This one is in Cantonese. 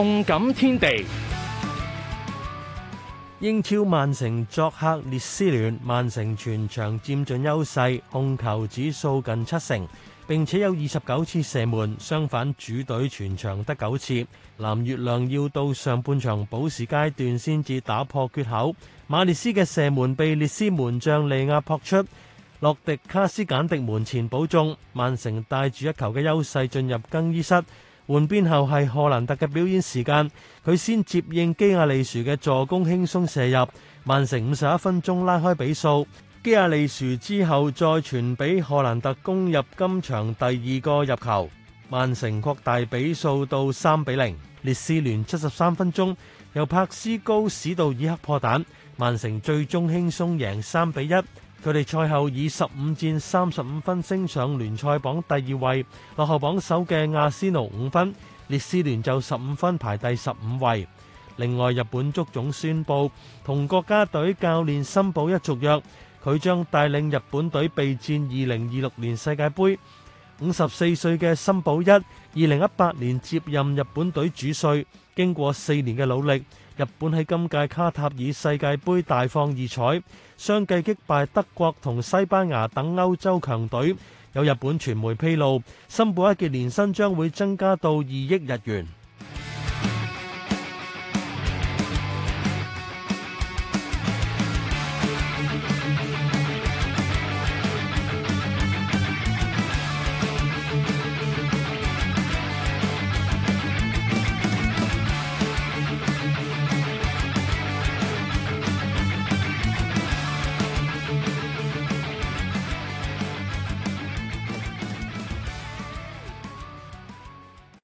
動感天地，英超曼城作客列斯聯，曼城全場佔盡優勢，控球指數近七成，並且有二十九次射門，相反主隊全場得九次。藍月亮要到上半場補時階段先至打破缺口，馬列斯嘅射門被列斯門將利亞撲出，洛迪卡斯簡迪門前保中，曼城帶住一球嘅優勢進入更衣室。換邊後係荷蘭特嘅表演時間，佢先接應基亞利殊嘅助攻輕鬆射入，曼城五十一分鐘拉開比數。基亞利殊之後再傳俾荷蘭特攻入今場第二個入球，曼城擴大比數到三比零。列斯聯七十三分鐘由柏斯高史杜伊克破蛋，曼城最終輕鬆贏三比一。佢哋賽後以十五戰三十五分升上聯賽榜第二位，落後榜首嘅阿仙奴五分，列斯聯就十五分排第十五位。另外，日本足總宣布同國家隊教練森保一續約，佢將帶領日本隊備戰二零二六年世界盃。五十四歲嘅森保一，二零一八年接任日本隊主帥，經過四年嘅努力。日本喺今屆卡塔爾世界盃大放異彩，相繼擊敗德國同西班牙等歐洲強隊。有日本傳媒披露，森保一嘅年薪將會增加到二億日元。